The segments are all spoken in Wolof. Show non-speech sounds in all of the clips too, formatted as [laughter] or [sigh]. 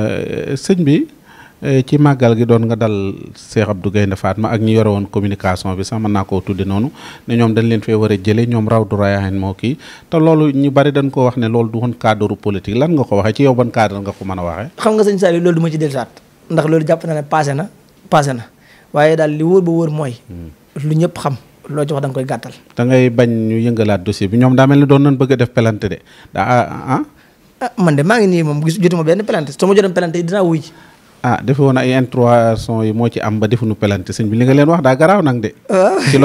Euh, sëñ bi euh, ci màggal gi doon nga dal Cheikh Abdou Gaynde Fatma ak ñi yore woon communication bi sax mën naa koo tudde noonu ne ñoom dañ leen fee war a jëlee ñoom raw du rayaaxin moo kii te loolu ñu bari dañ ko wax ne loolu du woon cadre politique lan nga ko waxee ci yow ban cadre nga ko mën a waxee. xam nga sëñ Saliou loolu du ma ci dellusaat ndax loolu jàpp na ne passé na passé na waaye daal li wóor ba wóor mooy. Hmm. lu ñëpp xam. loo jox wax koy gàttal. da ngay bañ ñu yëngalaat dossier bi ñoom daa mel ni doon nañ bëgg a def pelante de daa ah, ah ah man de maa ngi nii moom gis jotuma benn pelante soo ma jotoon pelante yi dinaa wuy ji. ah defe woon ay introation yi moo ci am ba defuñu pelante sëñ bi li nga leen wax daa garaaw nag de. Ah. ci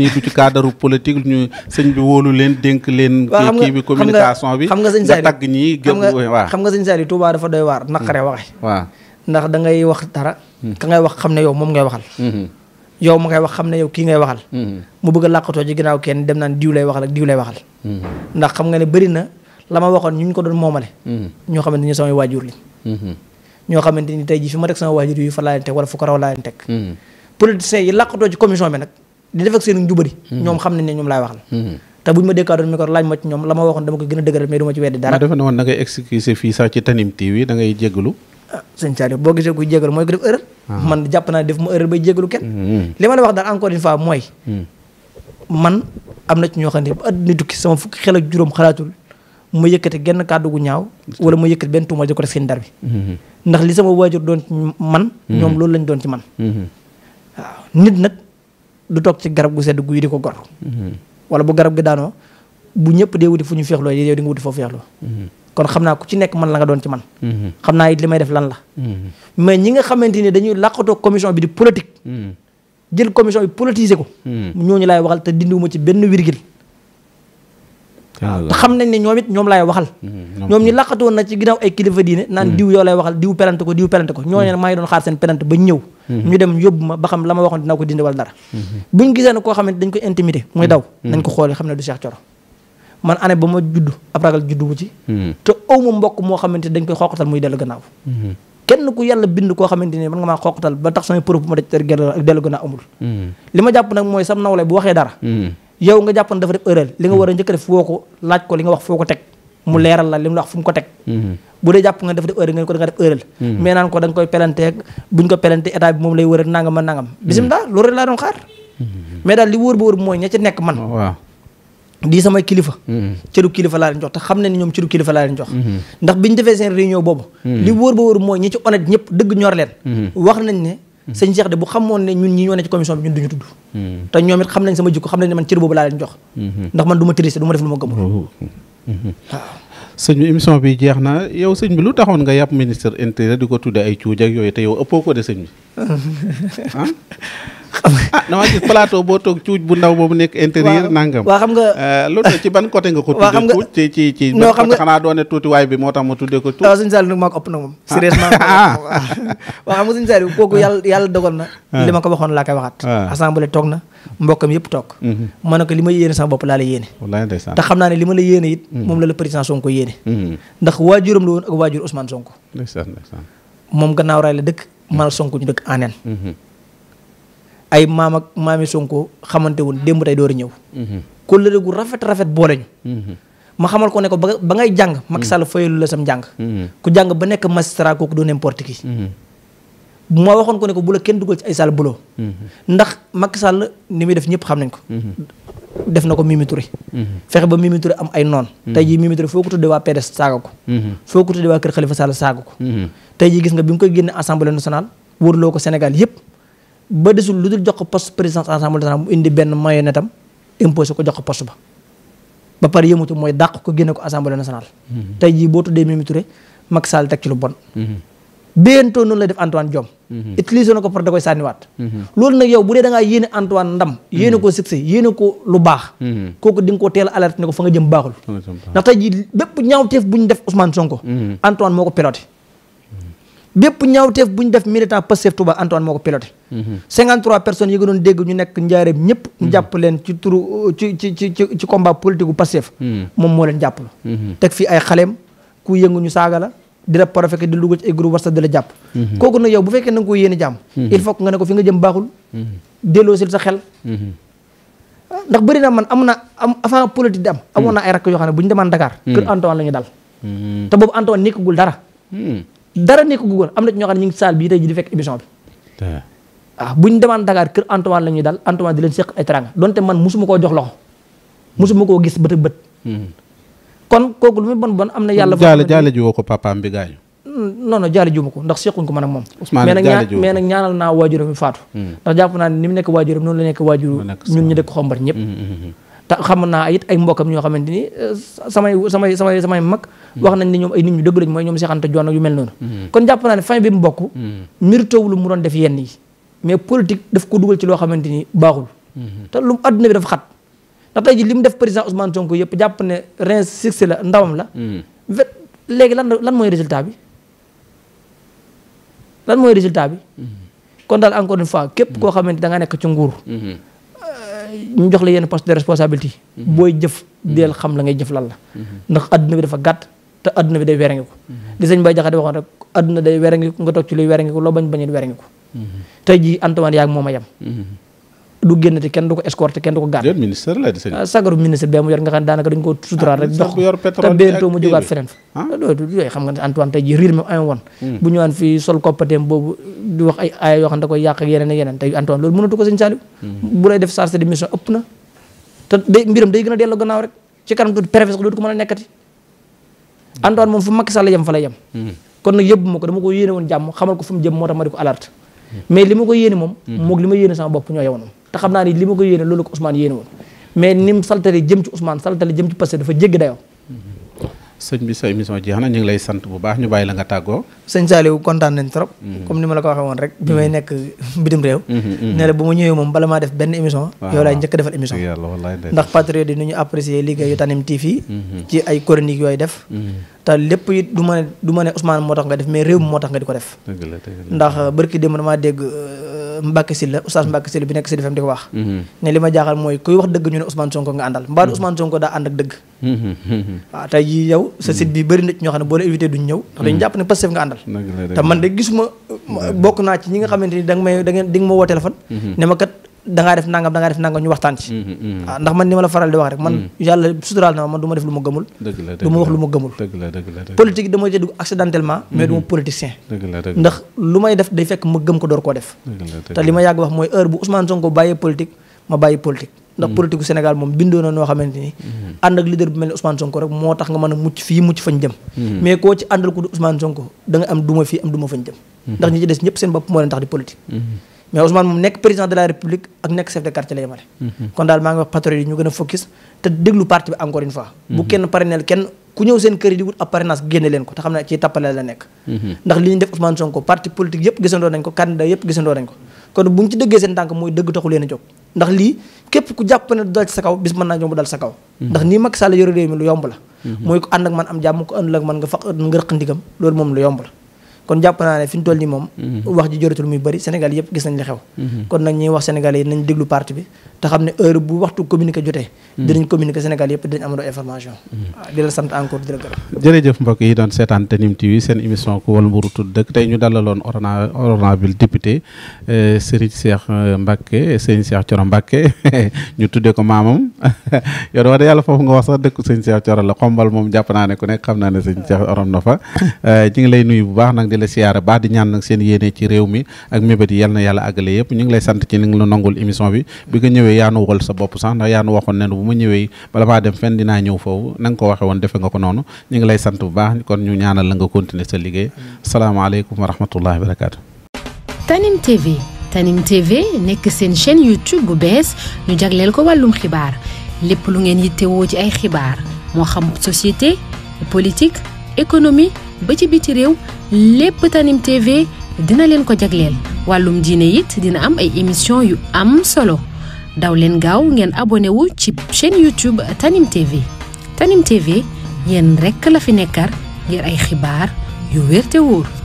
ni du ci cadre politique ñu sëñ bi wóolu leen dénk leen. kii bi communication bi xam nga sëñ Saaliw tagg ñii gëm waaw xam nga sëñ Saaliw Tuubaa dafa doy waar naqaree hmm. waxe ndax da ngay wax dara. Hmm. ka ngay wax xam ne yow moom ngay waxal. Hmm. yow mu ngay wax xam ne yow kii ngay waxal mu bëgg a làqatoo ci ginnaaw kenn dem naan diw lay waxal ak diw lay waxal ndax xam nga ne bëri la ma waxoon ñu ñu ko doon moomale mm-hmm. ñoo xamante ni samay waajur li mm-hmm. ñoo xamante ni tey jii fi ma teg sama waajur yi fa laa leen teg wala fu raw laa leen teg mm-hmm. politiciens yi làqatoo ci commission bi nag di def seen njubadi ñoom xam nañ ne ñoom laa wax la te buñ ma dékkaadoon micro laaj ma ci ñoom la ma waxoon dama ko gën a dëgëral mais du ma ci weddi dara defe na woon da ngay fii sax ci Tanim TV da ngay jégalu ah sëñ boo gisee kuy jégalu mooy ko def erreur ah. man jàpp naa def ma erreur bay jégalu kenn li ma la wax na ñoo xam ne ba àddina tukki sama xalaatul ma yëkkati genn kàddu gu ñaaw wala ma yëkkati benn tuuma di ko def seen bi mhm. ndax li sama waajur doon man mhm. ñoom loolu lañ doon ci man mhm. waaw nit nag du toog ci garab gu sedd guy di ko gor wala bu garab gi daanoo bu ñëpp dee wuti fu ñu feexloo yow di nga wuti foo feexloo kon xam naa ku ci nekk man la nga doon ci man xam naa it li may def lan la mais ñi nga xamante ni dañuy làqatoo commission bi di politique jël commission bi politiser ko ñooñu laay waxal te dindiwuma ci benn virgule te xam nañ ne ñoom it ñoom laay waxal mm-hmm. ñoom ñu laqatoon na ci ginnaaw ay kilifa diine naan mm-hmm. diw yoo lay waxal diw pelante ko diw pelante ko mm-hmm. ñooñu maa ngi doon xaar seen pelante ba ñëw ñu dem yóbbu ma ba xam la ma waxoon dinaa ko dindi wala dara buñ gisee koo xam ne dañ ko intimidé muy daw nañ ko xool xam ne du Cheikh Thioro man année ba ma judd ab ragal juddu wu te aw ma mbokk moo xamante dañ koy xooqatal muy dellu gannaaw kenn ku yàlla bind koo yow nga jàppoon dafa def erreur li nga war a njëkk def foo ko laaj ko li nga wax foo ko teg mu hmm. leeral la li mu la wax fu mu ko teg hmm. bu dee jàpp nga dafa def erreur nga ko da hmm. naan ko da koy pelanteeg buñ ko pelante état bi moom lay wër ak nangam ak nangam bisim daa loolu rek laa doon xaar mais daal ba wóor mooy ña ci nekk man oh, waaw di samay kilifa cëru kilifa laa leen jox te xam ne ni ñoom cëru kilifa laa leen jox ndax bi biñu defee seen réunion boobu li wóor ba wóor mooy ñi ci honnête ñëpp dëgg ñor leen wax nañ ne sëñ Cheikh de bu xamoon ne ñun ñi ñoo ne ci commission bi ñun duñu tudd hmm. te ñoom it xam nañ sama jikko xam nañ ne man cër boobu laa leen jox hmm. ndax man du ma triste du ma def lu ma gëmul oh. hmm. sëñ bi émission bi jeex na yow sëñ bi lu taxoon nga yàpp ministre intérieur di ko tudde ay cuuj yooyu te yow ëppoo ko de sëñ bi [laughs] ah? ah damaa gis plateau boo toog cuuj bu ndaw boobu nekk intérieur nangam waaw xam nga loolu euh, ci ban côté nga ko tuddee cuuj ci ci ci non xam nga xanaa doone tuuti bi moo tax ma ko cuuj waaw suñu Saliou nag maa ko ëpp na ah. [laughs] kooku yàlla yàlla dogal na ah. li ko waxoon laa koy waxaat ah. assemblée toog na mbokkam yëpp toog mm-hmm. ma ne ko ma yéene sama bopp laa la yéene te xam naa ne li ma la yéene it mm-hmm. moom la la président Sonko yéene mm-hmm. ndax waajuram la woon ak waajur Ousmane Sonko moom gannaaw raay la dëkk mal Sonko ñu dëkk aneen ay maam ak maami Sonko xamante woon démb tey door a ñëw. Mhm. la gu rafet rafet boole ñu. Mhm. ma xamal ko ne ba ba ngay jàng. Macky mhm. Sall fayalu la sam njàng. ku jàng ba nekk magistrat kooku doo n'importe qui. ma waxoon ko ne ko bu la kenn dugal ci ay Sall buloo. ndax Macky Sall ni muy def ñëpp xam nañ ko. def na ko Mimi Touré. fexe ba Mimi Touré am ay noon tey jii Mimi Touré foo ko tuddee waa PDS saaga ko. foo ko tuddee waa Kër Khalifa Sall saaga ko. tey jii gis nga yëpp. ba desul lu dul jox ko poste présidence assemblée nationale mu indi benn marionnette am imposé ko jox ko poste ba ba pare yëmutu mooy dàq ko génne ko assemblée mhm. mhm. mhm. na a alerte ne ko fa nga bépp ñaawteef bu def Ousmane Sonko. Antoine moo ko piloté. bépp ñaawteef bu ñu def militant Pastef Touba Antoine moo ko piloté. 53 personnes yi nga doon dégg ñu nekk njaareem ñëpp. ñu mhm. jàpp leen ci turu euh, ci ci ci ci combat politique bu Pastef. Mhm. moom moo leen jàpp la. Mhm. teg fii ay xaleem ku yëngu ñu saaga la di la fekk di dugg ci ay groupe WhatsApp di la jàpp. kooku nag yow bu fekkee na nga ko yéene jàmm. il faut que nga ne ko fi nga jëm baaxul. delloosil sa xel. ndax bëri na man am na am avant politique di am. amoon na ay rakk yoo xam ne bu ñu demaan dakaar kër Antoine la ñu dal. te boobu Antoine nekkagul dara. dara nekkagul am na ñoo xam ne ñu ngi bii tey ji bi. waaw ah, bu ñu demaan Dakar kër Antoine la ñuy dal Antoine di leen seq ay teranga donte man musuma koo jox loxo musuma koo gis bët ak bët. Hmm. kon kooku lu muy bon bon am na yàlla. jaale jaale ji woo ko papaam bi gaañu. Hmm, ko ndax sequñ ko man ak moom. Ousmane jaale mais nag ñaanal naa hmm. noonu la nekk waajur ñun ñu dëkk xombar ñëpp. te xam naa it ay mbokam ñoo xamante ni eh, samay samay samay samay mag. wax nañ ni ñoom ay nit ñu dëgg lañ mooy ñoom seexante joon ak yu mel noonu. kon jàpp naa ne fin bi mu bokk. miritewul mu mais politique def ko dugal ci loo xamante ni baaxul. Mhm. te lu àdduna bi dafa xat ndax ji li mu def président Ousmane Sonko yëpp jàpp ne rein succès la ndawam la. Mhm. léegi lan lan mooy résultat bi lan mooy résultat bi. Mhm. kon daal encore une fois képp koo xamante da nga nekk ci nguur. Euh, ñu jox la yenn poste de responsabilité. booy jëf deel xam la ngay jëf lan la. ndax adduna bi dafa gàtt te adduna bi day werangiku. di sëñ Baye Jaxate waxoon rek adduna day werangiku nga toog ci luy werangiku loo bañ bañul werangiku. Mm-hmm. tey jii Antoine yaag moom a yem. Mm-hmm. du génn te kenn du ko escorté kenn du ko gàtt. yow ministre la di sëñ ah, sagaru ministre bee mu yor nga xam ne daanaka dañ ah, ko suturaat rek. dox te béyantoo mu feneen fa. Ah? loolu yooyu xam nga mm. yoo xam ne da koy yàq ak yeneen ak yeneen tey Antoine loolu mënatu ko sëñ Saliou. Mm-hmm. bu lay def a delloo gannaaw rek ci kanam a nekkati. Antoine moom fu kon nag yëbbu ma ko dama ko yéene woon jàmm xamal ko fu mu jëm di ko alerte mais li ma ko yéene moom mhm. moog li ma yéene sama bopp ñoo yewoon te xam naa ni li ma ko yéene loolu ko Ousmane yéene woon mais nim saltale jëm ci Ousmane saltale jëm ci Pastef sëñ bi sa émission jeex na ñu ngi lay sant bu baax ñu bàyyi la nga tàggoo. sëñ Saliou kontaan nañ trop. Mm-hmm. comme ni ma la ko waxee woon rek. bi may mm-hmm. nekk mbitim réew. Mm-hmm. ne la bu ñëwee moom bala maa def benn émission. yow laay njëkk defal émission. ndax patriote yi nu ñu apprécier liggéeyu Tanime TV. ci ay chroniques yooyu def. te lépp it du ma ne du ma ne Ousmane moo tax nga def mais réew mi moo tax nga di ko def. ndax euh, barki démb damaa dégg. Euh, Mbacke Sylla oustaz Mbacke Sylla bi nekk Sud FM di ko mhm. ne li ma jaaxal mooy kuy wax dëgg ñu ne Ousmane Sonko nga àndal mbaa mhm. Ousmane Sonko daa ànd ak dëgg mhm, waaw tey yow sa site bi bëri na ñoo xam ne boo la invité duñ ñëw ndax dañu jàpp ne Pastef nga àndal te man de gisuma bokk naa ci ñi nga xamante ni da may da ngeen ma woo téléphone ne ma kat da def nangam da def nangam ñu waxtaan ci waaw mhm, mhm. ah, ndax man ni ma la faral di wax rek man mhm. yàlla suturaal na ma man du ma def lu ma gëmul du ma wax lu ma gëmul politique dama ci accidentellement mais du ma ndax lu may def day fekk ma gëm ko door koo def te ma yàgg wax mooy heure bu Ousmane Sonko bàyyee politique ma bàyyi politique ndax politique gu Sénégal moom bindoo na noo xamante ni ànd ak leader bu mel ni Ousmane Sonko rek moo tax nga mën a mucc fii mucc fañ jëm mais koo ci àndal ko du Ousmane Sonko da nga duma fii am ndax ñi ci des ñëpp seen bopp moo leen tax di mais Ousmane moom nekk président de la république ak nekk chef de quartier la yemale. Mhm. kon daal maa ngi wax patriote ñu gën a focus te déglu parti bi encore une fois. bu mhm. kenn parrainé kenn ku ñëw seen kër yi di wut ab parrainage génne leen ko te xam ne ci tappale la nekk. Mhm. ndax li ñu def Ousmane Sonko parti politique yëpp gisandoo nañ ko candidat yëpp gisandoo nañ ko kon bu ñu ci dëggee seen tànk mooy dëgg taxu leen a ndax lii képp ku jàpp ne dal ci sa kaw bis mën naa ñëw mu ndax nii Macky Sall yore réew mi lu yomb la. man am jàmm ko àndul ak man nga faq nga rëq loolu moom lu yomb kon jàpp naa ne fi nii moom mhm. wax ji joratul muy bari Sénégal yëpp gis nañ li xew mhm. kon nag ñuy wax Sénégalais yi nañ déglu parti bi te xam ne heure bu waxtu communiqué jotee mhm. dinañ communiqué Sénégal yëpp dinañ amandoo information waaw di la sant encore di la gërëm jërëjëf mbokk yi doon seetaan Tanime TV seen émission ku wal mburu tudd dëkk tey ñu dalaloon orna honorable député eh, Serigne Cheikh eh, Mbacké Serigne Cheikh Thioro Mbacké [laughs] ñu tuddee ko maamam [laughs] yow da wax yàlla foofu nga wax sax dëkku Serigne Cheikh Thioro la xombal moom jàpp naa ne ku nekk xam naa ne Serigne Cheikh orom eh, lay nuyu bu baax la siyaara baax di ñaan nag seen yéene ci réew mi ak mébét yal na yàlla àggale yëpp ñu ngi lay sant ci ni nga la nongul émission bi bi nga ñëwee yaanu wal sa bopp sax ndax yaanu waxoon ne bu ma ñëwee bala maa dem fenn dinaa ñëw foofu na ko waxe woon defe nga ko noonu ñu ngi lay sant bu baax kon ñu ñaanal la nga continuer sa liggéey salaamaaleykum wa rahmatullahi barakaatu Tanim TV Tanim TV nekk seen chaîne YouTube bu bees ñu jagleel ko wàllum économie ba ci biti réew lépp Tanim TV dina leen ko jagleel wàllum diine it dina am ay émission yu am solo daw leen gaaw ngeen abonné wu ci chaîne YouTube Tanim TV Tanim TV rekk la fi nekkar ngir ay xibaar yu weer te wóor